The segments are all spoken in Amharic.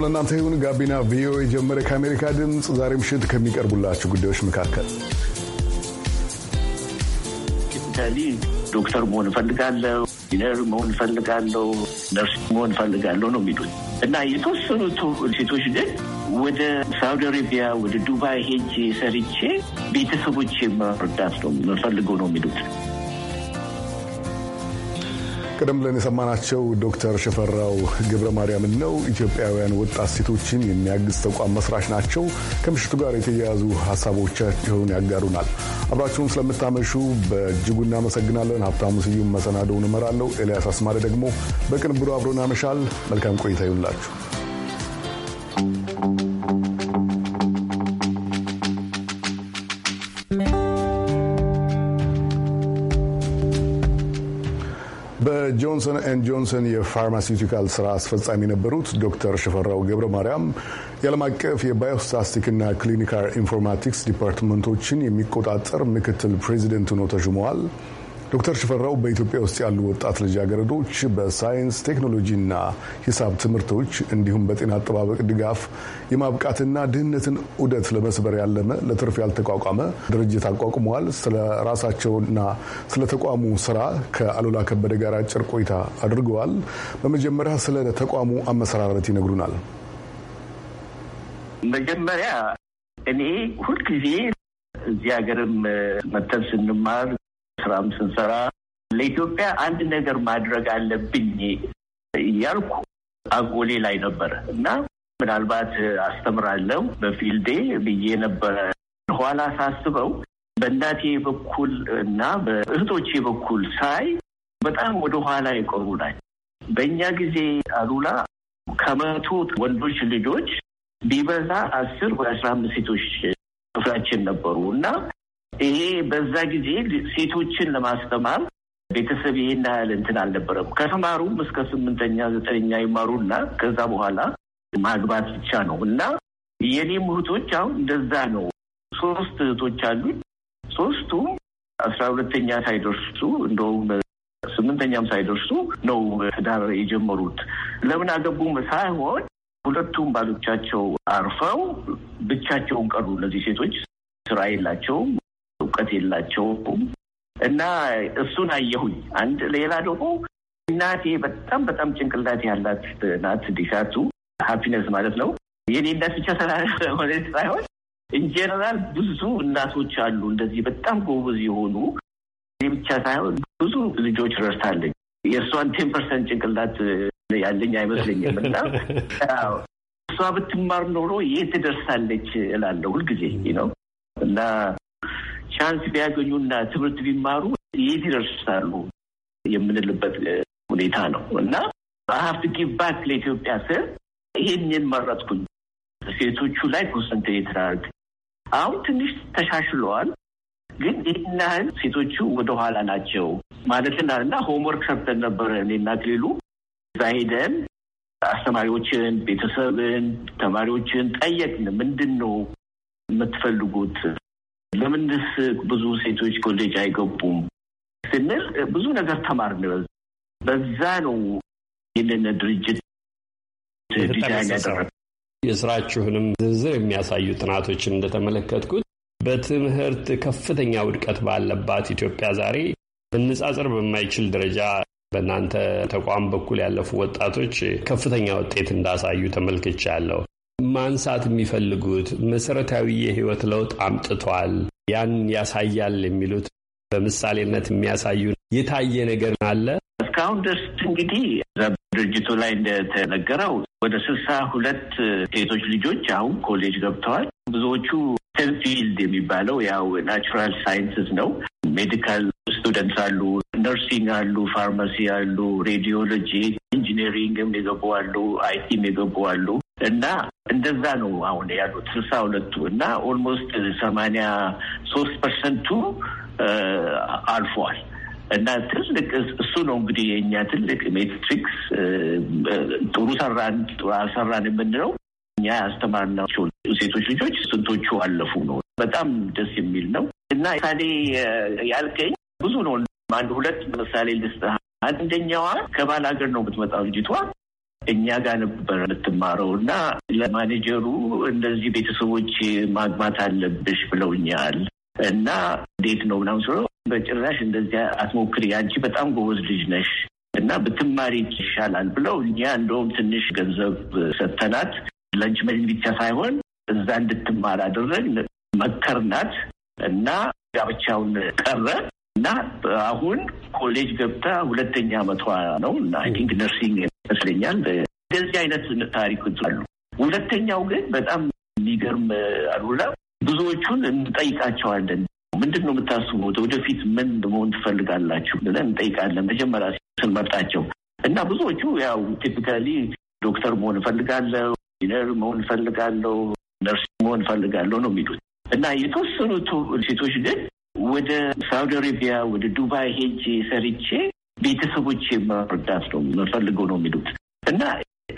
ሰላም ለእናንተ ይሁን። ጋቢና ቪኦኤ ጀመረ። ከአሜሪካ ድምፅ ዛሬ ምሽት ከሚቀርቡላችሁ ጉዳዮች መካከል ዶክተር መሆን እፈልጋለሁ፣ ኢንጂነር መሆን እፈልጋለሁ፣ ነርስ መሆን እፈልጋለሁ ነው የሚሉት እና የተወሰኑት ሴቶች ግን ወደ ሳውዲ አረቢያ ወደ ዱባይ ሄጄ ሰርቼ ቤተሰቦቼ መርዳት ነው የምፈልገው ነው የሚሉት ቀደም ብለን የሰማናቸው ዶክተር ሽፈራው ገብረ ማርያምን ነው። ኢትዮጵያውያን ወጣት ሴቶችን የሚያግዝ ተቋም መስራች ናቸው። ከምሽቱ ጋር የተያያዙ ሀሳቦቻቸውን ያጋሩናል። አብራችሁን ስለምታመሹ በእጅጉ እናመሰግናለን። ሀብታሙ ስዩም መሰናደውን እመራለሁ። ኤልያስ አስማሪ ደግሞ በቅንብሩ አብሮን ያመሻል። መልካም ቆይታ ይሁንላችሁ። ጆንሰን ኤን ጆንሰን የፋርማሲውቲካል ስራ አስፈጻሚ የነበሩት ዶክተር ሽፈራው ገብረ ማርያም የዓለም አቀፍ የባዮስታስቲክና ክሊኒካል ኢንፎርማቲክስ ዲፓርትመንቶችን የሚቆጣጠር ምክትል ፕሬዚደንት ሆነው ተሹመዋል። ዶክተር ሽፈራው በኢትዮጵያ ውስጥ ያሉ ወጣት ልጃገረዶች በሳይንስ ቴክኖሎጂና ሂሳብ ትምህርቶች እንዲሁም በጤና አጠባበቅ ድጋፍ የማብቃትና ድህነትን ዑደት ለመስበር ያለመ ለትርፍ ያልተቋቋመ ድርጅት አቋቁመዋል። ስለ ራሳቸውና ስለ ተቋሙ ስራ ከአሉላ ከበደ ጋር አጭር ቆይታ አድርገዋል። በመጀመሪያ ስለ ተቋሙ አመሰራረት ይነግሩናል። መጀመሪያ እኔ ሁልጊዜ እዚህ ሀገርም መተን ስንማር ስራም ስንሰራ ለኢትዮጵያ አንድ ነገር ማድረግ አለብኝ እያልኩ አጎሌ ላይ ነበረ እና ምናልባት አስተምራለሁ በፊልዴ ብዬ ነበረ። ኋላ ሳስበው በእናቴ በኩል እና በእህቶቼ በኩል ሳይ በጣም ወደ ኋላ የቀሩ ናቸው። በእኛ ጊዜ አሉላ ከመቶ ወንዶች ልጆች ቢበዛ አስር ወይ አስራ አምስት ሴቶች ክፍላችን ነበሩ እና ይሄ በዛ ጊዜ ሴቶችን ለማስተማር ቤተሰብ ይሄን ያህል እንትን አልነበረም። ከተማሩም እስከ ስምንተኛ ዘጠነኛ ይማሩና ከዛ በኋላ ማግባት ብቻ ነው እና የኔም ምህቶች አሁን እንደዛ ነው። ሶስት እህቶች አሉኝ። ሶስቱም አስራ ሁለተኛ ሳይደርሱ እንደውም ስምንተኛም ሳይደርሱ ነው ትዳር የጀመሩት። ለምን አገቡም ሳይሆን ሁለቱም ባሎቻቸው አርፈው ብቻቸውን ቀሩ። እነዚህ ሴቶች ስራ የላቸውም፣ እውቀት የላቸውም እና እሱን አየሁኝ። አንድ ሌላ ደግሞ እናቴ በጣም በጣም ጭንቅላት ያላት ናት። ዲሻቱ ሀፒነስ ማለት ነው። የኔ እናት ብቻ ስለሆነ ሳይሆን ኢንጀነራል ብዙ እናቶች አሉ እንደዚህ በጣም ጎበዝ የሆኑ ብቻ ሳይሆን ብዙ ልጆች ረድታለች። የእሷን ቴን ፐርሰንት ጭንቅላት ያለኝ አይመስለኝም እና እሷ ብትማር ኖሮ የት ትደርሳለች እላለሁ ሁልጊዜ ነው እና ቻንስ ቢያገኙና ትምህርት ቢማሩ የት ይደርሳሉ የምንልበት ሁኔታ ነው እና ሀብት ጊባክ ለኢትዮጵያ ስር ይህን መረጥኩኝ። ሴቶቹ ላይ ኮንሰንትሬት ላድርግ። አሁን ትንሽ ተሻሽለዋል፣ ግን ይህናህል ያህል ሴቶቹ ወደኋላ ናቸው ማለትና እና ሆምወርክ ሰርተን ነበረ እኔና ክሌሉ እዛ ሄደን አስተማሪዎችን፣ ቤተሰብን፣ ተማሪዎችን ጠየቅን። ምንድን ነው የምትፈልጉት ለምንስ ብዙ ሴቶች ኮሌጅ አይገቡም ስንል ብዙ ነገር ተማርን። በዛ ነው ይህንን ድርጅት ዲዛይን ያደረግ የስራችሁንም ዝርዝር የሚያሳዩ ጥናቶችን እንደተመለከትኩት በትምህርት ከፍተኛ ውድቀት ባለባት ኢትዮጵያ ዛሬ መነጻጸር በማይችል ደረጃ በእናንተ ተቋም በኩል ያለፉ ወጣቶች ከፍተኛ ውጤት እንዳሳዩ ተመልክቻለሁ። ማንሳት የሚፈልጉት መሰረታዊ የህይወት ለውጥ አምጥቷል፣ ያን ያሳያል የሚሉት በምሳሌነት የሚያሳዩ የታየ ነገር አለ? እስካሁን ድረስ እንግዲህ ድርጅቱ ላይ እንደተነገረው ወደ ስልሳ ሁለት ሴቶች ልጆች አሁን ኮሌጅ ገብተዋል። ብዙዎቹ ስቴም ፊልድ የሚባለው ያው ናቹራል ሳይንስስ ነው። ሜዲካል ስቱደንት አሉ፣ ነርሲንግ አሉ፣ ፋርማሲ አሉ፣ ሬዲዮሎጂ፣ ኢንጂነሪንግም የገቡ አሉ፣ አይቲ የገቡ አሉ። እና እንደዛ ነው አሁን ያሉት ስልሳ ሁለቱ እና ኦልሞስት ሰማንያ ሶስት ፐርሰንቱ አልፈዋል። እና ትልቅ እሱ ነው እንግዲህ የእኛ ትልቅ ሜትሪክስ ጥሩ ሰራን አልሰራን የምንለው እኛ ያስተማርናቸው ሴቶች ልጆች ስንቶቹ አለፉ ነው። በጣም ደስ የሚል ነው። እና ምሳሌ ያልከኝ ብዙ ነው። አንድ ሁለት ምሳሌ ልስጥህ። አንደኛዋ ከባል ሀገር ነው የምትመጣው ልጅቷ እኛ ጋር ነበር የምትማረው እና ለማኔጀሩ እንደዚህ ቤተሰቦች ማግባት አለብሽ ብለውኛል እና እንዴት ነው ምናምን ስለው በጭራሽ እንደዚያ አትሞክሪ፣ አንቺ በጣም ጎበዝ ልጅ ነሽ እና ብትማሪ ይሻላል ብለው እኛ እንደውም ትንሽ ገንዘብ ሰጥተናት ለንች መድን ብቻ ሳይሆን እዛ እንድትማር አደረግ መከርናት እና ጋብቻውን ቀረ እና አሁን ኮሌጅ ገብታ ሁለተኛ ዓመቷ ነው እና አይ ቲንክ ነርሲንግ ይመስለኛል። እንደዚህ አይነት ታሪኮች አሉ። ሁለተኛው ግን በጣም የሚገርም አሉላ ብዙዎቹን እንጠይቃቸዋለን። ምንድን ነው የምታስቡት? ወደፊት ምን መሆን ትፈልጋላችሁ ብለን እንጠይቃለን። መጀመሪያ ስንመርጣቸው እና ብዙዎቹ ያው ቲፒካሊ ዶክተር መሆን እፈልጋለሁ፣ ኢንጂነር መሆን እፈልጋለሁ፣ ነርስ መሆን እፈልጋለሁ ነው የሚሉት እና የተወሰኑት ሴቶች ግን ወደ ሳውዲ አረቢያ ወደ ዱባይ ሄጄ ሰርቼ ቤተሰቦች መርዳት ነው መፈልገው ነው የሚሉት እና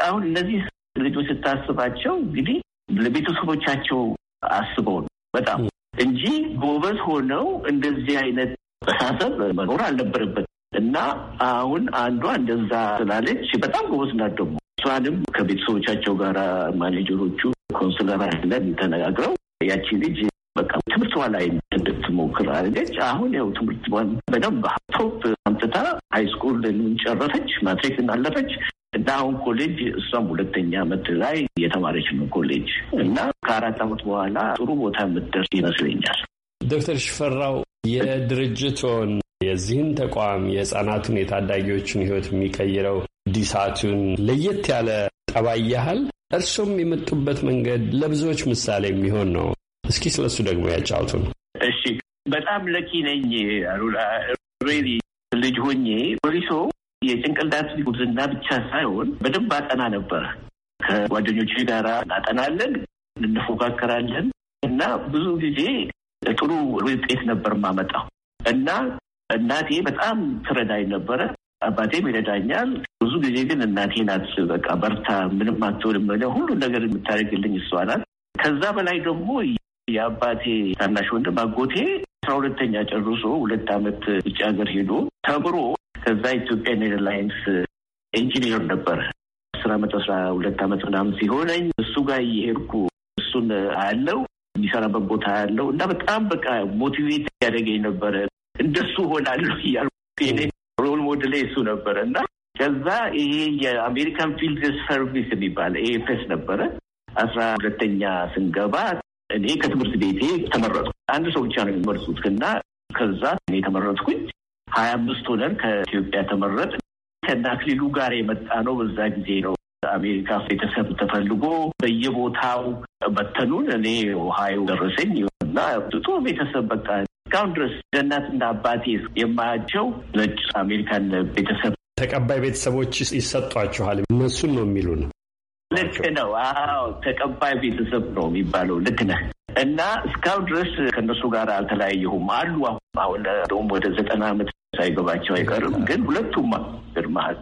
አሁን እነዚህ ልጆች ስታስባቸው እንግዲህ ለቤተሰቦቻቸው አስበው ነው በጣም እንጂ ጎበዝ ሆነው እንደዚህ አይነት አስተሳሰብ መኖር አልነበረበት እና አሁን አንዷ እንደዛ ስላለች በጣም ጎበዝ ናት። ደግሞ እሷንም ከቤተሰቦቻቸው ጋር ማኔጀሮቹ ኮንስለር ተነጋግረው ያቺ ልጅ በቃ ትምህርቷ ላይ ሞክር አድርገች። አሁን ያው ትምህርት በደንብ ቶፕ አምጥታ ሃይስኩል ጨረሰች፣ ማትሪክ እናለፈች እና አሁን ኮሌጅ እሷም ሁለተኛ ዓመት ላይ የተማረች ነው ኮሌጅ እና ከአራት አመት በኋላ ጥሩ ቦታ የምትደርስ ይመስለኛል። ዶክተር ሽፈራው የድርጅቶን የዚህን ተቋም የህፃናቱን የታዳጊዎችን ህይወት የሚቀይረው ዲሳቱን ለየት ያለ ጠባይ ያህል እርሱም የመጡበት መንገድ ለብዙዎች ምሳሌ የሚሆን ነው። እስኪ ስለሱ ደግሞ ያጫውቱን። እሺ በጣም ለኪ ነኝ አሉላ። ሬሊ ልጅ ሆኜ ፖሊሶ የጭንቅላት ጉብዝና ብቻ ሳይሆን በደንብ አጠና ነበር። ከጓደኞች ጋራ እናጠናለን፣ እንፎካከራለን እና ብዙ ጊዜ ጥሩ ውጤት ነበር የማመጣው እና እናቴ በጣም ትረዳኝ ነበረ። አባቴም ይረዳኛል። ብዙ ጊዜ ግን እናቴ ናት በቃ በርታ፣ ምንም አትሆንም፣ ሁሉ ነገር የምታደርግልኝ እሷ ናት። ከዛ በላይ ደግሞ የአባቴ ታናሽ ወንድም አጎቴ አስራ ሁለተኛ ጨርሶ ሁለት ዓመት ውጭ ሀገር ሄዶ ተምሮ ከዛ ኢትዮጵያን ኤርላይንስ ኢንጂኒየር ነበር። አስር ዓመት አስራ ሁለት ዓመት ምናምን ሲሆነኝ እሱ ጋር እየሄድኩ እሱን አያለው የሚሰራበት ቦታ ያለው እና በጣም በቃ ሞቲቬት ያደገኝ ነበረ። እንደሱ ሆናለሁ እያልኩ ሮል ሞዴል እሱ ነበረ እና ከዛ ይሄ የአሜሪካን ፊልድ ሰርቪስ የሚባል ኤኤፍኤስ ነበረ። አስራ ሁለተኛ ስንገባ እኔ ከትምህርት ቤቴ ተመረጥኩ። አንድ ሰው ብቻ ነው የሚመርጡት እና ከዛ እኔ ተመረጥኩኝ። ሀያ አምስት ሆነን ከኢትዮጵያ ተመረጥ ከእነ አክሊሉ ጋር የመጣ ነው። በዛ ጊዜ ነው አሜሪካ ቤተሰብ ተፈልጎ በየቦታው በተኑን። እኔ ኦሃዮ ደረሰኝ እና ጥጡ ቤተሰብ በቃ እስካሁን ድረስ እንደ አባቴ የማያቸው ነጭ አሜሪካን ቤተሰብ ተቀባይ ቤተሰቦች ይሰጧችኋል። እነሱን ነው የሚሉን ልክ ነው። አዎ ተቀባይ ቤተሰብ ነው የሚባለው። ልክ ነህ። እና እስካሁን ድረስ ከእነሱ ጋር አልተለያየሁም አሉ። አሁን አሁን ወደ ዘጠና ዓመት ሳይገባቸው አይቀርም። ግን ሁለቱም ግርማል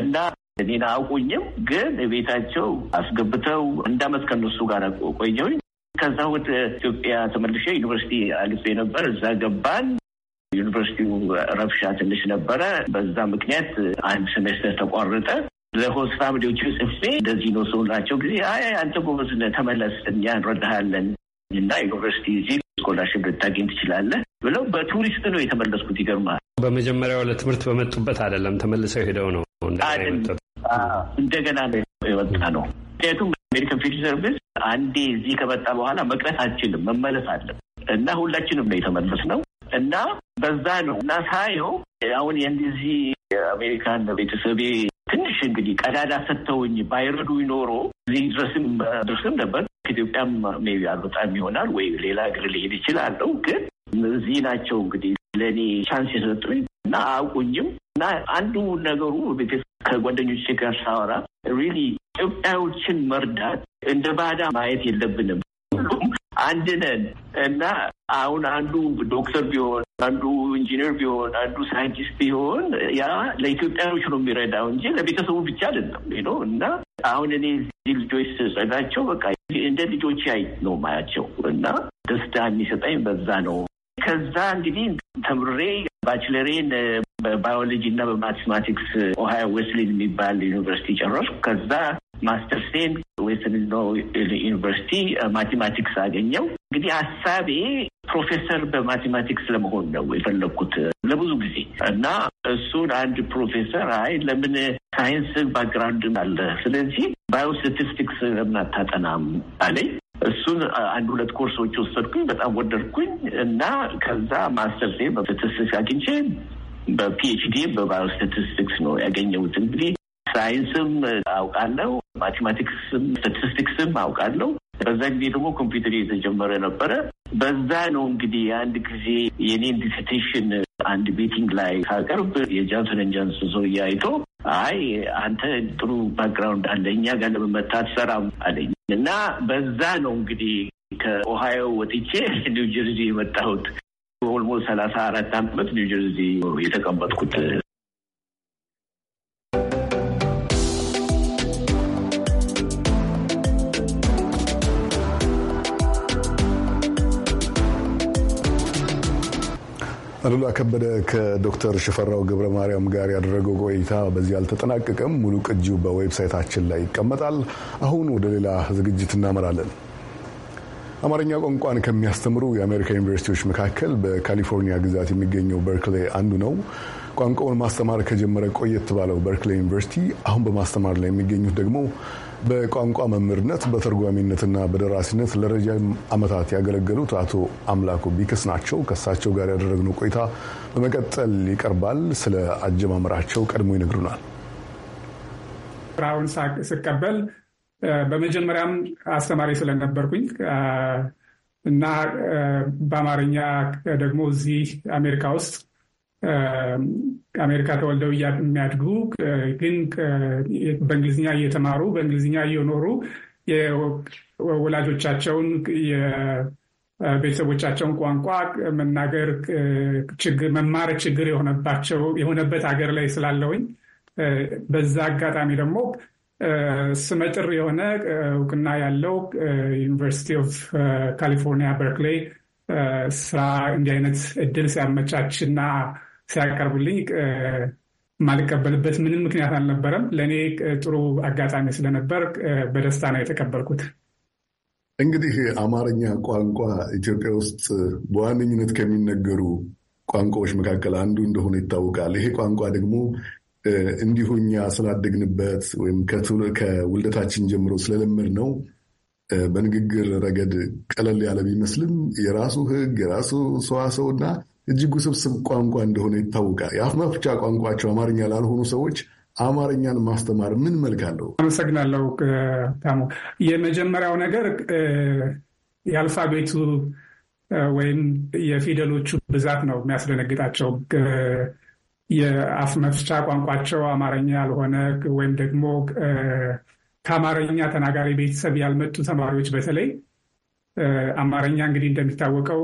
እና እኔን አውቁኝም፣ ግን ቤታቸው አስገብተው አንድ አመት ከእነሱ ጋር ቆየሁኝ። ከዛ ወደ ኢትዮጵያ ተመልሼ ዩኒቨርሲቲ አልፌ ነበር። እዛ ገባን። ዩኒቨርሲቲው ረብሻ ትንሽ ነበረ። በዛ ምክንያት አንድ ሴሜስተር ተቋረጠ። ለሆስ ፋሚሊዎቹ ጽፌ እንደዚህ ነው ስውላቸው ጊዜ አይ አንተ ጎበዝነ ተመለስ፣ እኛ እንረዳሃለን እና ዩኒቨርሲቲ እዚህ ስኮላርሽፕ ልታገኝ ትችላለህ ብለው በቱሪስት ነው የተመለስኩት። ይገርማል። በመጀመሪያው ለትምህርት በመጡበት አይደለም ተመልሰው ሄደው ነው እንደገና የወጣ ነው። ምክንያቱም አሜሪካን ፊልድ ሰርቪስ አንዴ እዚህ ከመጣ በኋላ መቅረት አችልም፣ መመለስ አለም እና ሁላችንም ነው የተመለስ ነው እና በዛ ነው እና ሳየው አሁን የእንደዚህ የአሜሪካን ቤተሰቤ ትንሽ እንግዲህ ቀዳዳ ሰጥተውኝ ባይረዱ ኖሮ እዚህ ድረስም ድርስም ነበር። ኢትዮጵያም ሜቢ አልወጣም ይሆናል ወይ ሌላ እግር ሊሄድ ይችላለሁ። ግን እዚህ ናቸው እንግዲህ ለእኔ ቻንስ የሰጡኝ እና አያውቁኝም እና አንዱ ነገሩ ከጓደኞች ጋር ሳወራ ሪሊ ኢትዮጵያዎችን መርዳት እንደ ባዳ ማየት የለብንም። ሁሉም አንድ ነን እና አሁን አንዱ ዶክተር ቢሆን አንዱ ኢንጂነር ቢሆን አንዱ ሳይንቲስት ቢሆን ያ ለኢትዮጵያኖች ነው የሚረዳው እንጂ ለቤተሰቡ ብቻ አይደለም ነው እና አሁን እኔ እዚህ ልጆች ስጸዳቸው በቃ እንደ ልጆች አይ ነው ማያቸው እና ደስታ የሚሰጠኝ በዛ ነው። ከዛ እንግዲህ ተምሬ ባችለሬን በባዮሎጂ እና በማቴማቲክስ ኦሃዮ ዌስሊን የሚባል ዩኒቨርሲቲ ጨረስኩ። ከዛ ማስተርሴን ዌስተንዝሮ ዩኒቨርሲቲ ማቴማቲክስ አገኘው። እንግዲህ ሀሳቤ ፕሮፌሰር በማቴማቲክስ ለመሆን ነው የፈለግኩት ለብዙ ጊዜ እና እሱን አንድ ፕሮፌሰር አይ ለምን ሳይንስ ባክግራውንድ አለ፣ ስለዚህ ባዮስታቲስቲክስ ለምን አታጠናም አለኝ። እሱን አንድ ሁለት ኮርሶች ወሰድኩኝ፣ በጣም ወደድኩኝ እና ከዛ ማስተርሴ በስታቲስቲክስ አግኝቼ በፒኤችዲ በባዮስታቲስቲክስ ነው ያገኘሁት። እንግዲህ ሳይንስም አውቃለሁ፣ ማቴማቲክስም ስታቲስቲክስም አውቃለሁ። በዛ ጊዜ ደግሞ ኮምፒውተር የተጀመረ ነበረ። በዛ ነው እንግዲህ አንድ ጊዜ የኔን ዲስቴሽን አንድ ቤቲንግ ላይ ካቀርብ የጃንሰን ጃንሰን ሰው አይቶ አይ አንተ ጥሩ ባክግራውንድ አለ እኛ ጋር ለመመታ ትሰራም አለኝ እና በዛ ነው እንግዲህ ከኦሃዮ ወጥቼ ኒውጀርዚ የመጣሁት። ኦልሞስት ሰላሳ አራት አመት ኒውጀርዚ የተቀመጥኩት አሉላ ከበደ ከዶክተር ሽፈራው ገብረ ማርያም ጋር ያደረገው ቆይታ በዚህ አልተጠናቀቀም። ሙሉ ቅጂው በዌብሳይታችን ላይ ይቀመጣል። አሁን ወደ ሌላ ዝግጅት እናመራለን። አማርኛ ቋንቋን ከሚያስተምሩ የአሜሪካ ዩኒቨርሲቲዎች መካከል በካሊፎርኒያ ግዛት የሚገኘው በርክሌ አንዱ ነው። ቋንቋውን ማስተማር ከጀመረ ቆየት ባለው በርክሌ ዩኒቨርሲቲ አሁን በማስተማር ላይ የሚገኙት ደግሞ በቋንቋ መምህርነት በተርጓሚነትና በደራሲነት ለረጅም ዓመታት ያገለገሉት አቶ አምላኩ ቢክስ ናቸው። ከእሳቸው ጋር ያደረግነው ቆይታ በመቀጠል ይቀርባል። ስለ አጀማመራቸው ቀድሞ ይነግሩናል። ስራውን ስቀበል በመጀመሪያም አስተማሪ ስለነበርኩኝ እና በአማርኛ ደግሞ እዚህ አሜሪካ ውስጥ አሜሪካ ተወልደው የሚያድጉ ግን በእንግሊዝኛ እየተማሩ በእንግሊዝኛ እየኖሩ ወላጆቻቸውን የቤተሰቦቻቸውን ቋንቋ መናገር መማር ችግር የሆነባቸው የሆነበት ሀገር ላይ ስላለውኝ በዛ አጋጣሚ ደግሞ ስመጥር የሆነ እውቅና ያለው ዩኒቨርሲቲ ኦፍ ካሊፎርኒያ በርክሌይ ስራ እንዲህ አይነት እድል ሲያመቻችና ሲያቀርቡልኝ ማልቀበልበት ምንም ምክንያት አልነበረም። ለእኔ ጥሩ አጋጣሚ ስለነበር በደስታ ነው የተቀበልኩት። እንግዲህ አማርኛ ቋንቋ ኢትዮጵያ ውስጥ በዋነኝነት ከሚነገሩ ቋንቋዎች መካከል አንዱ እንደሆነ ይታወቃል። ይሄ ቋንቋ ደግሞ እንዲሁ እኛ ስላደግንበት ወይም ከውልደታችን ጀምሮ ስለለመድ ነው በንግግር ረገድ ቀለል ያለ ቢመስልም የራሱ ሕግ የራሱ ሰዋሰው እና እጅግ ውስብስብ ቋንቋ እንደሆነ ይታወቃል። የአፍ መፍቻ ቋንቋቸው አማርኛ ላልሆኑ ሰዎች አማርኛን ማስተማር ምን መልክ አለው? አመሰግናለሁ የመጀመሪያው ነገር የአልፋቤቱ ወይም የፊደሎቹ ብዛት ነው የሚያስደነግጣቸው። የአፍ መፍቻ ቋንቋቸው አማርኛ ያልሆነ ወይም ደግሞ ከአማርኛ ተናጋሪ ቤተሰብ ያልመጡ ተማሪዎች በተለይ አማርኛ እንግዲህ እንደሚታወቀው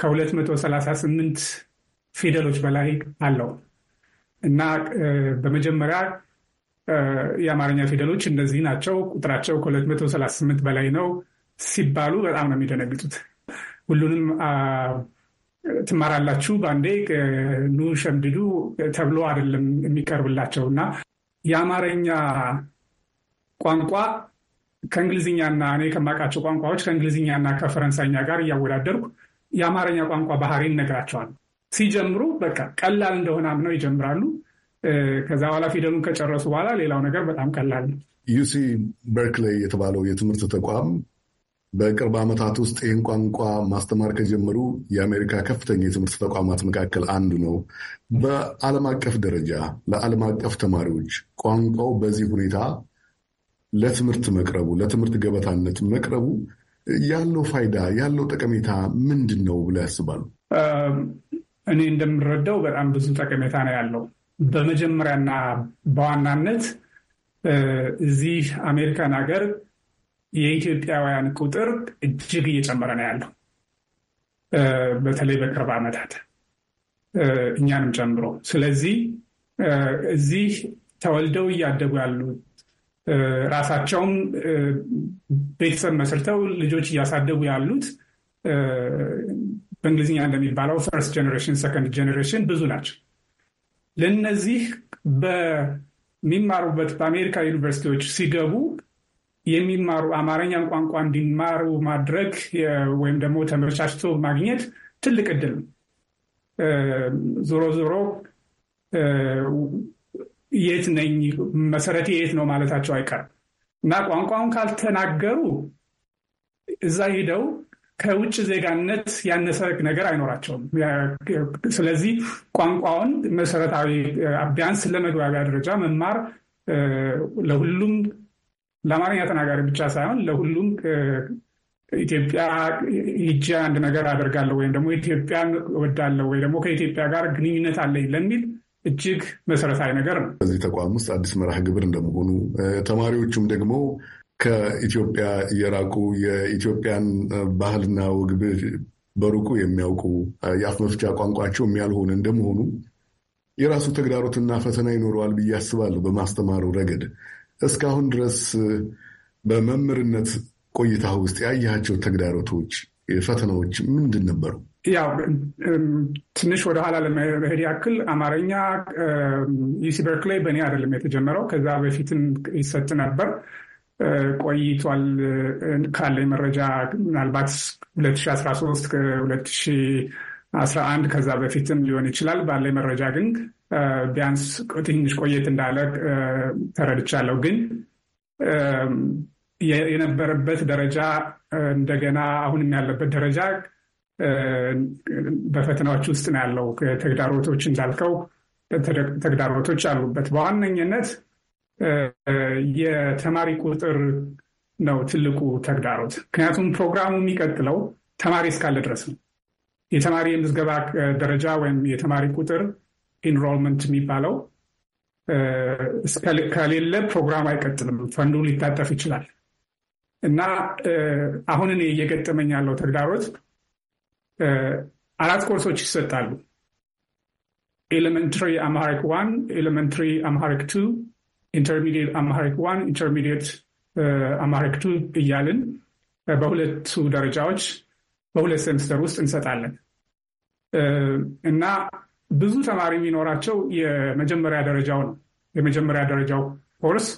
ከ238 ፊደሎች በላይ አለው እና በመጀመሪያ የአማርኛ ፊደሎች እነዚህ ናቸው፣ ቁጥራቸው ከ238 በላይ ነው ሲባሉ በጣም ነው የሚደነግጡት። ሁሉንም ትማራላችሁ በአንዴ ኑ ሸምድዱ ተብሎ አይደለም የሚቀርብላቸው እና የአማርኛ ቋንቋ ከእንግሊዝኛና እኔ ከማውቃቸው ቋንቋዎች ከእንግሊዝኛና ከፈረንሳይኛ ጋር እያወዳደርኩ የአማርኛ ቋንቋ ባህሪ ይነግራቸዋል። ሲጀምሩ በቃ ቀላል እንደሆነ አምነው ይጀምራሉ። ከዛ በኋላ ፊደሉን ከጨረሱ በኋላ ሌላው ነገር በጣም ቀላል ነው። ዩሲ በርክሌይ የተባለው የትምህርት ተቋም በቅርብ ዓመታት ውስጥ ይህን ቋንቋ ማስተማር ከጀመሩ የአሜሪካ ከፍተኛ የትምህርት ተቋማት መካከል አንዱ ነው። በዓለም አቀፍ ደረጃ ለዓለም አቀፍ ተማሪዎች ቋንቋው በዚህ ሁኔታ ለትምህርት መቅረቡ ለትምህርት ገበታነት መቅረቡ ያለው ፋይዳ ያለው ጠቀሜታ ምንድን ነው ብለ ያስባሉ? እኔ እንደምረዳው በጣም ብዙ ጠቀሜታ ነው ያለው። በመጀመሪያና በዋናነት እዚህ አሜሪካን ሀገር የኢትዮጵያውያን ቁጥር እጅግ እየጨመረ ነው ያለው። በተለይ በቅርብ ዓመታት እኛንም ጨምሮ። ስለዚህ እዚህ ተወልደው እያደጉ ያሉ ራሳቸውም ቤተሰብ መስርተው ልጆች እያሳደጉ ያሉት በእንግሊዝኛ እንደሚባለው ፈርስት ጀኔሬሽን፣ ሰከንድ ጀኔሬሽን ብዙ ናቸው። ለእነዚህ በሚማሩበት በአሜሪካ ዩኒቨርሲቲዎች ሲገቡ የሚማሩ አማርኛን ቋንቋ እንዲማሩ ማድረግ ወይም ደግሞ ተመቻችቶ ማግኘት ትልቅ እድል ነው። ዞሮ ዞሮ የት ነኝ መሰረቴ የት ነው ማለታቸው አይቀርም እና ቋንቋውን ካልተናገሩ እዛ ሄደው ከውጭ ዜጋነት ያነሰ ነገር አይኖራቸውም። ስለዚህ ቋንቋውን መሰረታዊ ቢያንስ ለመግባቢያ ደረጃ መማር ለሁሉም ለአማርኛ ተናጋሪ ብቻ ሳይሆን ለሁሉም ኢትዮጵያ ሂጄ አንድ ነገር አደርጋለሁ ወይም ደግሞ ኢትዮጵያን እወዳለሁ ወይ ደግሞ ከኢትዮጵያ ጋር ግንኙነት አለኝ ለሚል እጅግ መሰረታዊ ነገር ነው። በዚህ ተቋም ውስጥ አዲስ መርሃ ግብር እንደመሆኑ ተማሪዎቹም ደግሞ ከኢትዮጵያ የራቁ የኢትዮጵያን ባህልና ወግብ በሩቁ የሚያውቁ የአፍ መፍቻ ቋንቋቸውም እንደመሆኑ የራሱ ተግዳሮትና ፈተና ይኖረዋል ብዬ አስባለሁ። በማስተማሩ ረገድ እስካሁን ድረስ በመምህርነት ቆይታ ውስጥ ያያቸው ተግዳሮቶች፣ ፈተናዎች ምንድን ነበሩ? ያው ትንሽ ኋላ ለመሄድ ያክል አማርኛ ዩሲ በርክሌይ በእኔ አይደለም የተጀመረው። ከዛ በፊትም ይሰጥ ነበር ቆይቷል። ካለኝ መረጃ ምናልባት 2013 2011 ከዛ በፊትም ሊሆን ይችላል። ባለኝ መረጃ ግን ቢያንስ ትንሽ ቆየት እንዳለ ተረድቻለሁ። ግን የነበረበት ደረጃ እንደገና አሁንም ያለበት ደረጃ በፈተናዎች ውስጥ ነው ያለው። ተግዳሮቶች እንዳልከው ተግዳሮቶች አሉበት። በዋነኝነት የተማሪ ቁጥር ነው ትልቁ ተግዳሮት። ምክንያቱም ፕሮግራሙ የሚቀጥለው ተማሪ እስካለ ድረስ ነው። የተማሪ የምዝገባ ደረጃ ወይም የተማሪ ቁጥር ኢንሮልመንት የሚባለው ከሌለ ፕሮግራሙ አይቀጥልም። ፈንዱ ሊታጠፍ ይችላል እና አሁን እኔ እየገጠመኝ ያለው ተግዳሮት አራት ኮርሶች ይሰጣሉ። ኤሌመንትሪ አምሃሪክ ዋን፣ ኤሌመንትሪ አምሃሪክ ቱ፣ ኢንተርሚዲየት አምሃሪክ ዋን፣ ኢንተርሚዲየት አምሃሪክ ቱ እያልን በሁለቱ ደረጃዎች በሁለት ሴምስተር ውስጥ እንሰጣለን እና ብዙ ተማሪ የሚኖራቸው የመጀመሪያ ደረጃው ነው። የመጀመሪያ ደረጃው ኮርስ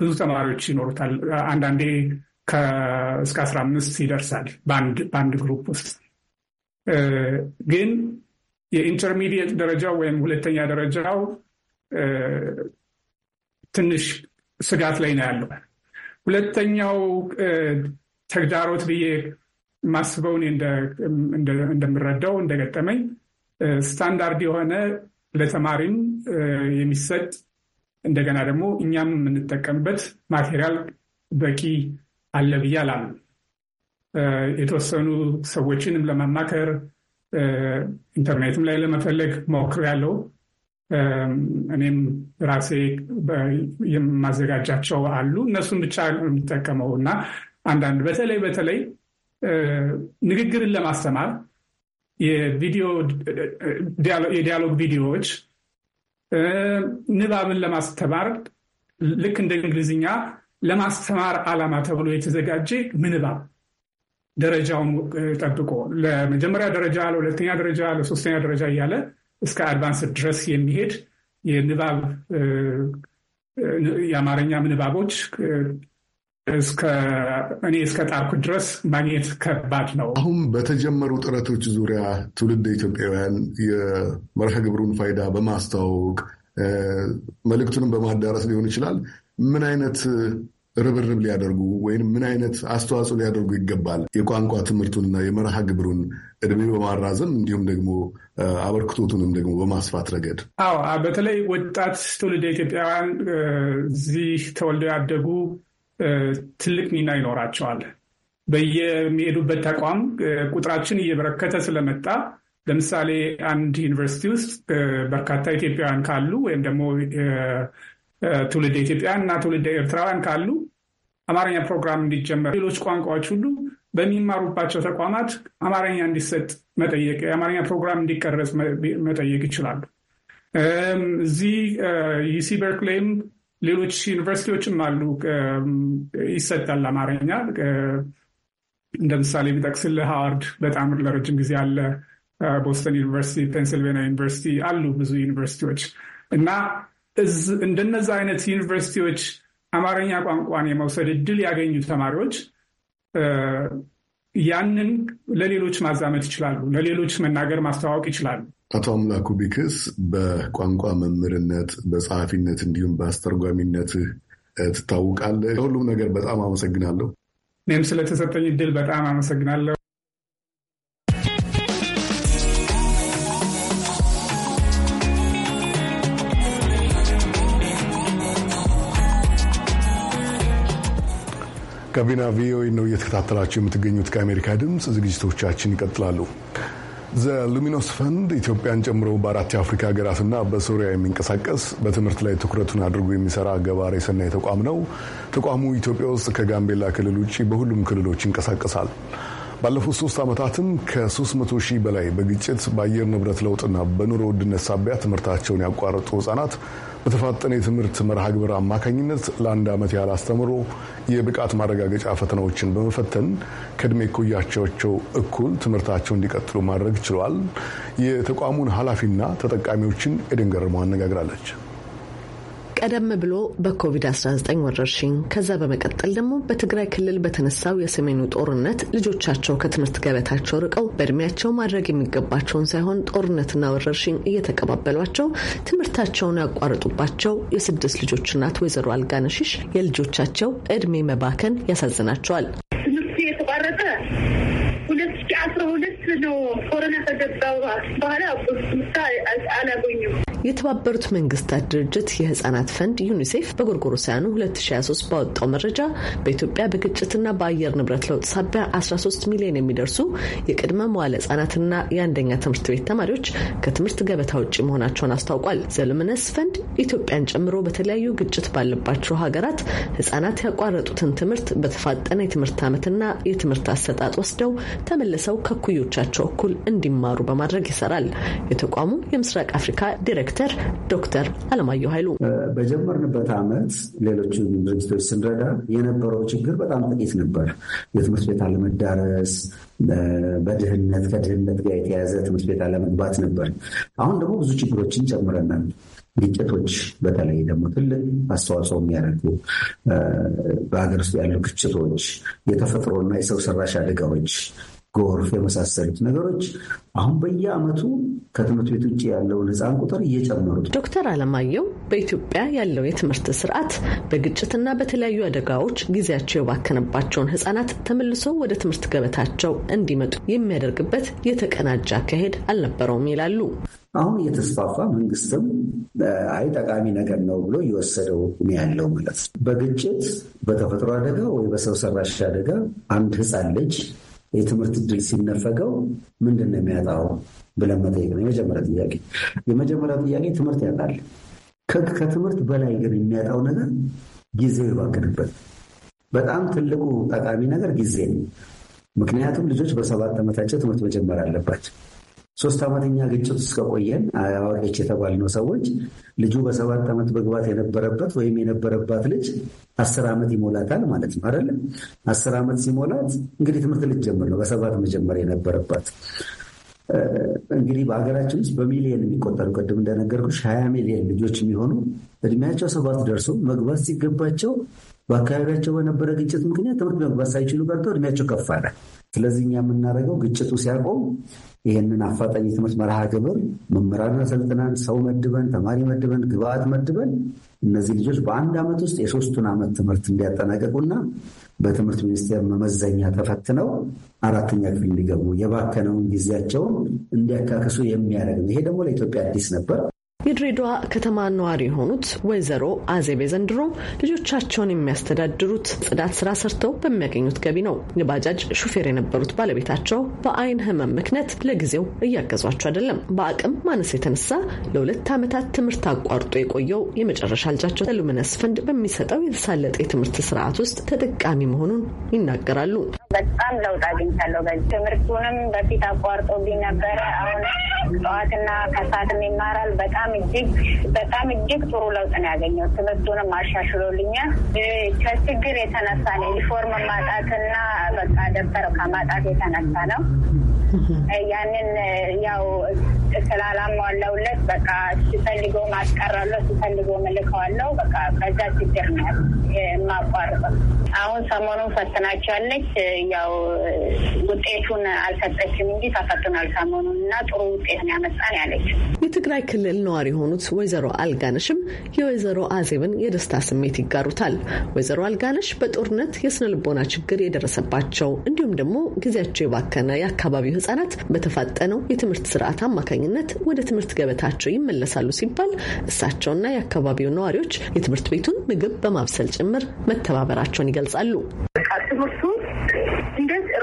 ብዙ ተማሪዎች ይኖሩታል። አንዳንዴ እስከ አስራ አምስት ይደርሳል በአንድ ግሩፕ ውስጥ ግን የኢንተርሚዲየት ደረጃው ወይም ሁለተኛ ደረጃው ትንሽ ስጋት ላይ ነው ያለው። ሁለተኛው ተግዳሮት ብዬ ማስበውን እንደምረዳው እንደገጠመኝ ስታንዳርድ የሆነ ለተማሪም የሚሰጥ እንደገና ደግሞ እኛም የምንጠቀምበት ማቴሪያል በቂ አለ ብዬ አላምንም። የተወሰኑ ሰዎችንም ለማማከር ኢንተርኔትም ላይ ለመፈለግ ሞክሬያለሁ። እኔም ራሴ የማዘጋጃቸው አሉ። እነሱን ብቻ የሚጠቀመው እና አንዳንድ በተለይ በተለይ ንግግርን ለማስተማር የዲያሎግ ቪዲዮዎች፣ ንባብን ለማስተማር ልክ እንደ እንግሊዝኛ ለማስተማር ዓላማ ተብሎ የተዘጋጀ ምንባብ ደረጃውን ጠብቆ ለመጀመሪያ ደረጃ፣ ለሁለተኛ ደረጃ፣ ለሶስተኛ ደረጃ እያለ እስከ አድቫንስ ድረስ የሚሄድ የንባብ የአማርኛ ንባቦች እኔ እስከ ጣርኩ ድረስ ማግኘት ከባድ ነው። አሁን በተጀመሩ ጥረቶች ዙሪያ ትውልድ ኢትዮጵያውያን የመርሃ ግብሩን ፋይዳ በማስተዋወቅ መልእክቱንም በማዳረስ ሊሆን ይችላል ምን አይነት ርብርብ ሊያደርጉ ወይም ምን አይነት አስተዋጽኦ ሊያደርጉ ይገባል? የቋንቋ ትምህርቱንና የመርሃ ግብሩን እድሜ በማራዘም እንዲሁም ደግሞ አበርክቶቱንም ደግሞ በማስፋት ረገድ። አዎ፣ በተለይ ወጣት ትውልደ ኢትዮጵያውያን እዚህ ተወልደው ያደጉ ትልቅ ሚና ይኖራቸዋል። በየሚሄዱበት ተቋም ቁጥራችን እየበረከተ ስለመጣ ለምሳሌ አንድ ዩኒቨርሲቲ ውስጥ በርካታ ኢትዮጵያውያን ካሉ ወይም ደግሞ ትውልድ ኢትዮጵያ እና ትውልድ ኤርትራውያን ካሉ አማርኛ ፕሮግራም እንዲጀመር፣ ሌሎች ቋንቋዎች ሁሉ በሚማሩባቸው ተቋማት አማርኛ እንዲሰጥ መጠየቅ፣ የአማርኛ ፕሮግራም እንዲቀረጽ መጠየቅ ይችላሉ። እዚህ ዩሲ በርክሌይም ሌሎች ዩኒቨርሲቲዎችም አሉ ይሰጣል አማርኛ። እንደ ምሳሌ ቢጠቅስል ሃዋርድ በጣም ለረጅም ጊዜ አለ። ቦስተን ዩኒቨርሲቲ፣ ፔንስልቬኒያ ዩኒቨርሲቲ አሉ ብዙ ዩኒቨርሲቲዎች እና እንደነዛ አይነት ዩኒቨርሲቲዎች አማርኛ ቋንቋን የመውሰድ እድል ያገኙ ተማሪዎች ያንን ለሌሎች ማዛመት ይችላሉ። ለሌሎች መናገር ማስተዋወቅ ይችላሉ። አቶ አምላኩ ቢክስ በቋንቋ መምህርነት፣ በጸሐፊነት እንዲሁም በአስተርጓሚነት ትታወቃለህ። ለሁሉም ነገር በጣም አመሰግናለሁ። እኔም ስለተሰጠኝ እድል በጣም አመሰግናለሁ። ጋቢና ቪኦኤ ነው እየተከታተላቸው የምትገኙት። ከአሜሪካ ድምፅ ዝግጅቶቻችን ይቀጥላሉ። ዘ ሉሚኖስ ፈንድ ኢትዮጵያን ጨምሮ በአራት የአፍሪካ ሀገራትና በሶሪያ የሚንቀሳቀስ በትምህርት ላይ ትኩረቱን አድርጎ የሚሰራ ገባሬ ሰናይ ተቋም ነው። ተቋሙ ኢትዮጵያ ውስጥ ከጋምቤላ ክልል ውጭ በሁሉም ክልሎች ይንቀሳቀሳል። ባለፉት ሶስት ዓመታትም ከ300 ሺህ በላይ በግጭት በአየር ንብረት ለውጥና በኑሮ ውድነት ሳቢያ ትምህርታቸውን ያቋረጡ ህጻናት በተፋጠነ የትምህርት መርሃ ግብር አማካኝነት ለአንድ ዓመት ያህል አስተምሮ የብቃት ማረጋገጫ ፈተናዎችን በመፈተን ከእድሜ እኩዮቻቸው እኩል ትምህርታቸው እንዲቀጥሉ ማድረግ ችሏል። የተቋሙን ኃላፊና ተጠቃሚዎችን ኤደን አነጋግራለች። ቀደም ብሎ በኮቪድ-19 ወረርሽኝ ከዛ በመቀጠል ደግሞ በትግራይ ክልል በተነሳው የሰሜኑ ጦርነት ልጆቻቸው ከትምህርት ገበታቸው ርቀው በእድሜያቸው ማድረግ የሚገባቸውን ሳይሆን ጦርነትና ወረርሽኝ እየተቀባበሏቸው ትምህርታቸውን ያቋረጡባቸው የስድስት ልጆች እናት ወይዘሮ አልጋነሽሽ የልጆቻቸው እድሜ መባከን ያሳዝናቸዋል። ትምህርት የተቋረጠ ሁለት አስራ ሁለት ነው ኮሮና ከገባ በኋላ ምሳ አላገኙም። የተባበሩት መንግስታት ድርጅት የህጻናት ፈንድ ዩኒሴፍ በጎርጎሮሳውያኑ 2023 ባወጣው መረጃ በኢትዮጵያ በግጭትና በአየር ንብረት ለውጥ ሳቢያ 13 ሚሊዮን የሚደርሱ የቅድመ መዋለ ህጻናትና የአንደኛ ትምህርት ቤት ተማሪዎች ከትምህርት ገበታ ውጭ መሆናቸውን አስታውቋል። ዘሉምነስ ፈንድ ኢትዮጵያን ጨምሮ በተለያዩ ግጭት ባለባቸው ሀገራት ህጻናት ያቋረጡትን ትምህርት በተፋጠነ የትምህርት ዓመትና የትምህርት አሰጣጥ ወስደው ተመልሰው ከኩዮቻቸው እኩል እንዲማሩ በማድረግ ይሰራል። የተቋሙ የምስራቅ አፍሪካ ዲሬክተር ዶክተር አለማየሁ ኃይሉ በጀመርንበት ዓመት ሌሎቹ ድርጅቶች ስንረዳ የነበረው ችግር በጣም ጥቂት ነበር። የትምህርት ቤት አለመዳረስ፣ በድህነት ከድህነት ጋር የተያዘ ትምህርት ቤት አለመግባት ነበር። አሁን ደግሞ ብዙ ችግሮችን ጨምረናል። ግጭቶች በተለይ ደግሞ ትልቅ አስተዋጽኦ የሚያደርጉ በሀገር ውስጥ ያሉ ግጭቶች፣ የተፈጥሮና የሰው ሰራሽ አደጋዎች፣ ጎርፍ የመሳሰሉት ነገሮች አሁን በየአመቱ ከትምህርት ቤት ውጭ ያለውን ህፃን ቁጥር እየጨመሩት። ዶክተር አለማየሁ በኢትዮጵያ ያለው የትምህርት ስርዓት በግጭትና በተለያዩ አደጋዎች ጊዜያቸው የባከነባቸውን ህፃናት ተመልሰው ወደ ትምህርት ገበታቸው እንዲመጡ የሚያደርግበት የተቀናጀ አካሄድ አልነበረውም ይላሉ። አሁን እየተስፋፋ መንግስትም አይ ጠቃሚ ነገር ነው ብሎ እየወሰደው ያለው ማለት ነው። በግጭት በተፈጥሮ አደጋ ወይ በሰው ሰራሽ አደጋ አንድ ህፃን ልጅ የትምህርት እድል ሲነፈገው ምንድን ነው የሚያጣው ብለን መጠየቅ ነው የመጀመሪያ ጥያቄ። የመጀመሪያ ጥያቄ ትምህርት ያጣል። ከትምህርት በላይ ግን የሚያጣው ነገር ጊዜ ይባክንበት። በጣም ትልቁ ጠቃሚ ነገር ጊዜ ነው። ምክንያቱም ልጆች በሰባት ዓመታቸው ትምህርት መጀመር አለባቸው። ሶስት ዓመተኛ ግጭት ውስጥ ከቆየን አዋቂዎች የተባልነው ሰዎች ልጁ በሰባት ዓመት መግባት የነበረበት ወይም የነበረባት ልጅ አስር ዓመት ይሞላታል ማለት ነው አይደለ? አስር ዓመት ሲሞላት እንግዲህ ትምህርት ልትጀምር ነው። በሰባት መጀመር የነበረባት እንግዲህ በሀገራችን ውስጥ በሚሊየን የሚቆጠሩ ቅድም እንደነገርኩሽ ሀያ ሚሊየን ልጆች የሚሆኑ እድሜያቸው ሰባት ደርሶ መግባት ሲገባቸው በአካባቢያቸው በነበረ ግጭት ምክንያት ትምህርት መግባት ሳይችሉ ቀርቶ እድሜያቸው ከፍ አለ። ስለዚህ እኛ የምናደርገው ግጭቱ ሲያቆም ይህንን አፋጣኝ የትምህርት መርሃ ግብር መምህራን አሰልጥነን፣ ሰው መድበን፣ ተማሪ መድበን፣ ግብአት መድበን እነዚህ ልጆች በአንድ ዓመት ውስጥ የሶስቱን ዓመት ትምህርት እንዲያጠናቀቁና በትምህርት ሚኒስቴር መመዘኛ ተፈትነው አራተኛ ክፍል እንዲገቡ የባከነውን ጊዜያቸውን እንዲያካክሱ የሚያደርግ ነው። ይሄ ደግሞ ለኢትዮጵያ አዲስ ነበር። የድሬዳዋ ከተማ ነዋሪ የሆኑት ወይዘሮ አዜቤ ዘንድሮ ልጆቻቸውን የሚያስተዳድሩት ጽዳት ስራ ሰርተው በሚያገኙት ገቢ ነው። የባጃጅ ሹፌር የነበሩት ባለቤታቸው በአይን ህመም ምክንያት ለጊዜው እያገዟቸው አይደለም። በአቅም ማነስ የተነሳ ለሁለት ዓመታት ትምህርት አቋርጦ የቆየው የመጨረሻ ልጃቸው ለሉምነስ ፈንድ በሚሰጠው የተሳለጠ የትምህርት ስርዓት ውስጥ ተጠቃሚ መሆኑን ይናገራሉ። በጣም ለውጥ አግኝቻለሁ። በዚህ ትምህርቱንም በፊት አቋርጦብኝ ነበረ። አሁን ጠዋትና ከሰዓትም ይማራል። በጣም እጅግ በጣም እጅግ ጥሩ ለውጥ ነው ያገኘው። ትምህርቱንም አሻሽሎልኛል። ከችግር የተነሳ ነው ዩኒፎርም ማጣትና በቃ ደብተር ከማጣት የተነሳ ነው። ያንን ያው ስላላሟላውለት በቃ ሲፈልገው ማስቀራለሁ ሲፈልገው ምልከዋለው። በቃ ከዛ ችግር ነው የማቋርጠው። አሁን ሰሞኑን ፈትናቸዋለች። ያው ውጤቱን አልሰጠችም እንጂ ተፈትኗል ሰሞኑን እና ጥሩ ውጤት ነው ያመጣን ያለች። የትግራይ ክልል ነዋሪ የሆኑት ወይዘሮ አልጋነሽም የወይዘሮ አዜብን የደስታ ስሜት ይጋሩታል። ወይዘሮ አልጋነሽ በጦርነት የስነ ልቦና ችግር የደረሰባቸው እንዲሁም ደግሞ ጊዜያቸው የባከነ የአካባቢው ህጻናት በተፋጠነው የትምህርት ስርዓት አማካኝነት ወደ ትምህርት ገበታቸው ይመለሳሉ ሲባል እሳቸውና የአካባቢው ነዋሪዎች የትምህርት ቤቱን ምግብ በማብሰል ጭምር መተባበራቸውን ይገልጻሉ። ትምህርቱ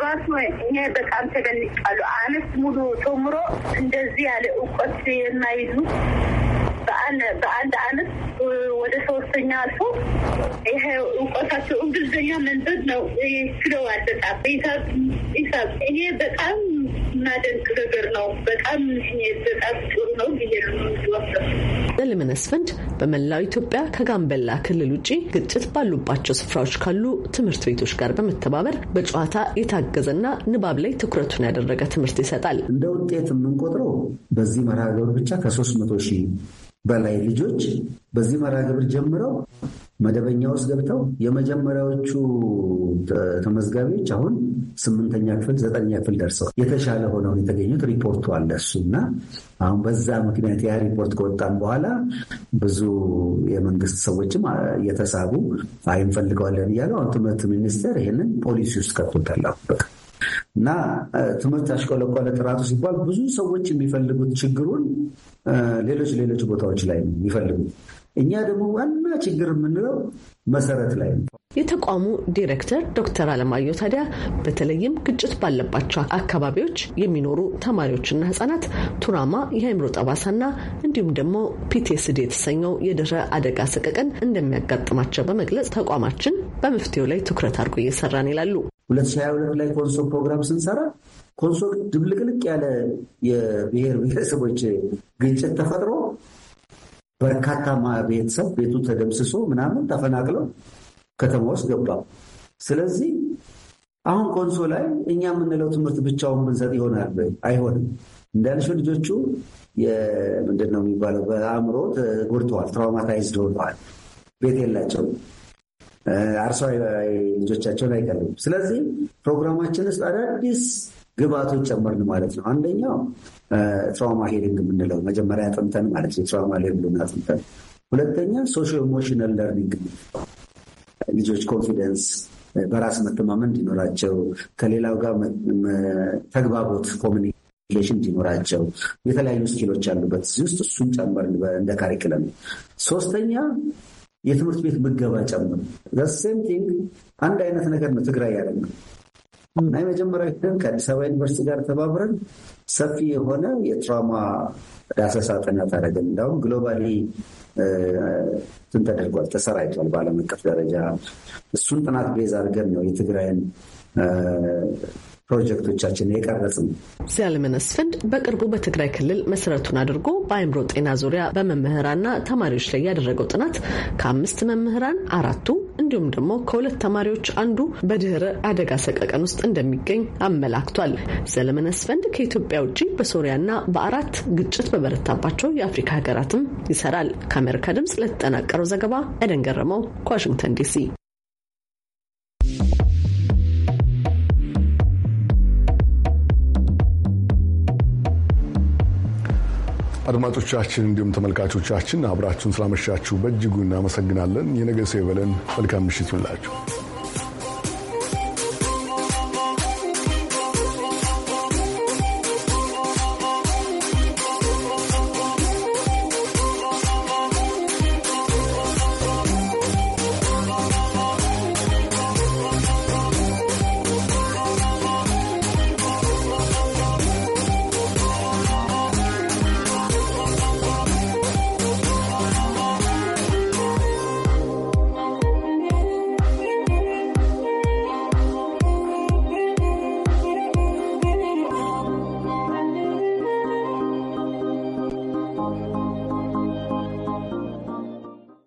ራሱ እኔ በጣም ተደንቃሉ። አመት ሙሉ ተምሮ እንደዚህ ያለ እውቀት የማይዙ በአንድ አመት ወደ ሶስተኛ አልፎ ይሄ እውቀታቸው እንግሊዝኛ መንበብ ነው ችለው አልበጣም ሂሳብ ይሄ በጣም የምናደንቅ ነገር ነው። በጣም በጣም ጥሩ ነው ብዬ ለልመነስ ፈንድ በመላው ኢትዮጵያ ከጋምበላ ክልል ውጭ ግጭት ባሉባቸው ስፍራዎች ካሉ ትምህርት ቤቶች ጋር በመተባበር በጨዋታ የታገዘና ንባብ ላይ ትኩረቱን ያደረገ ትምህርት ይሰጣል። እንደ ውጤት የምንቆጥረው በዚህ መርሃ ግብር ብቻ ከሶስት መቶ ሺህ በላይ ልጆች በዚህ መርሃ ግብር ጀምረው መደበኛ ውስጥ ገብተው የመጀመሪያዎቹ ተመዝጋቢዎች አሁን ስምንተኛ ክፍል ዘጠነኛ ክፍል ደርሰው የተሻለ ሆነው የተገኙት ሪፖርቱ አለ እሱ እና አሁን በዛ ምክንያት ያ ሪፖርት ከወጣም በኋላ ብዙ የመንግስት ሰዎችም እየተሳቡ አይንፈልገዋለን እያለው አሁን ትምህርት ሚኒስቴር ይህንን ፖሊሲ ውስጥ ከቶታላሁ እና ትምህርት አሽቆለቆለ ጥራቱ ሲባል ብዙ ሰዎች የሚፈልጉት ችግሩን ሌሎች ሌሎች ቦታዎች ላይ ነው የሚፈልጉት እኛ ደግሞ ዋና ችግር የምንለው መሰረት ላይ ነው። የተቋሙ ዲሬክተር ዶክተር አለማየሁ ታዲያ በተለይም ግጭት ባለባቸው አካባቢዎች የሚኖሩ ተማሪዎችና ህጻናት ቱራማ የአይምሮ ጠባሳና እንዲሁም ደግሞ ፒቴስዲ የተሰኘው የድህረ አደጋ ሰቀቀን እንደሚያጋጥማቸው በመግለጽ ተቋማችን በመፍትሄው ላይ ትኩረት አድርጎ እየሰራን ይላሉ። 2022 ላይ ኮንሶ ፕሮግራም ስንሰራ ኮንሶ ድብልቅልቅ ያለ የብሔር ብሔረሰቦች ግጭት ተፈጥሮ በርካታ ቤተሰብ ቤቱ ተደምስሶ ምናምን ተፈናቅለው ከተማ ውስጥ ገባ። ስለዚህ አሁን ኮንሶ ላይ እኛ የምንለው ትምህርት ብቻውን ብንሰጥ ይሆናል? አይሆንም። እንዳልሽ ልጆቹ ምንድን ነው የሚባለው በአእምሮ ጉርተዋል ትራውማታይዝድ ሆነዋል። ቤት የላቸው አርሶ ልጆቻቸውን አይቀልም። ስለዚህ ፕሮግራማችን ውስጥ አዳዲስ ግብአቶች ጨመርን ማለት ነው። አንደኛው ትራውማ ሄሊንግ የምንለው መጀመሪያ አጥንተን ማለት የትራውማ ሌብልን አጥንተን፣ ሁለተኛ ሶሽ ኢሞሽናል ለርኒንግ ልጆች ኮንፊደንስ በራስ መተማመን እንዲኖራቸው ከሌላው ጋር ተግባቦት ኮሚኒኬሽን እንዲኖራቸው የተለያዩ ስኪሎች አሉበት እዚህ ውስጥ እሱን ጨምር እንደ ካሪክለም። ሶስተኛ የትምህርት ቤት ምገባ ጨምር ዘ ሴም ቲንግ አንድ አይነት ነገር ነው። ትግራይ ያለ ነው እና የመጀመሪያ ክደን ከአዲስ አበባ ዩኒቨርሲቲ ጋር ተባብረን ሰፊ የሆነ የትራውማ ዳሰሳ ጥናት አደረግን። እንዲሁም ግሎባሊ ትን ተደርጓል፣ ተሰራይቷል በዓለም አቀፍ ደረጃ። እሱን ጥናት ቤዝ አድርገን ነው የትግራይን ፕሮጀክቶቻችን የቀረጽም ዘላለምን አስፈንድ በቅርቡ በትግራይ ክልል መሰረቱን አድርጎ በአእምሮ ጤና ዙሪያ በመምህራንና ተማሪዎች ላይ ያደረገው ጥናት ከአምስት መምህራን አራቱ እንዲሁም ደግሞ ከሁለት ተማሪዎች አንዱ በድህረ አደጋ ሰቀቀን ውስጥ እንደሚገኝ አመላክቷል። ዘለመን ስፈንድ ከኢትዮጵያ ውጭ በሶሪያና በአራት ግጭት በበረታባቸው የአፍሪካ ሀገራትም ይሰራል። ከአሜሪካ ድምጽ ለተጠናቀረው ዘገባ ኤደን ገረመው ከዋሽንግተን ዲሲ አድማጮቻችን እንዲሁም ተመልካቾቻችን አብራችሁን ስላመሻችሁ በእጅጉ እናመሰግናለን። የነገ ሰው ይበለን። መልካም ምሽት ይሁንላችሁ።